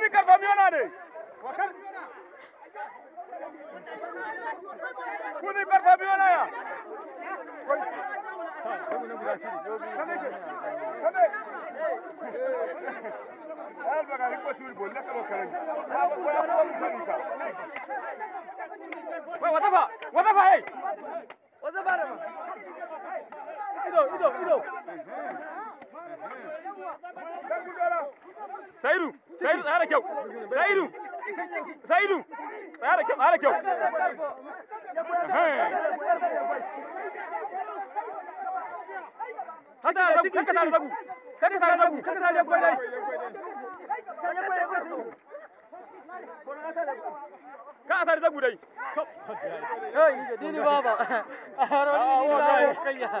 única camiona này Kuni per Fabiola ya. El bagari ko suri bol la kalo karen. Ba ba ba ba suri ka. Wai wadafa, wadafa hey. Wadafa rama. Ido, ido, ido. Sairu. Zaidu tsara kyau. Zaidu. Zaidu. Tsara kyau, tsara kyau. Hata zagu, kaka tsara zagu. Kaka tsara zagu. Kaka tsara zagu. Ka a tsara zagu dai. Kai, ni baba. A haroni ni baba.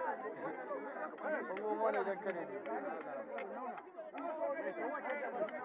Bango mole dankali ne.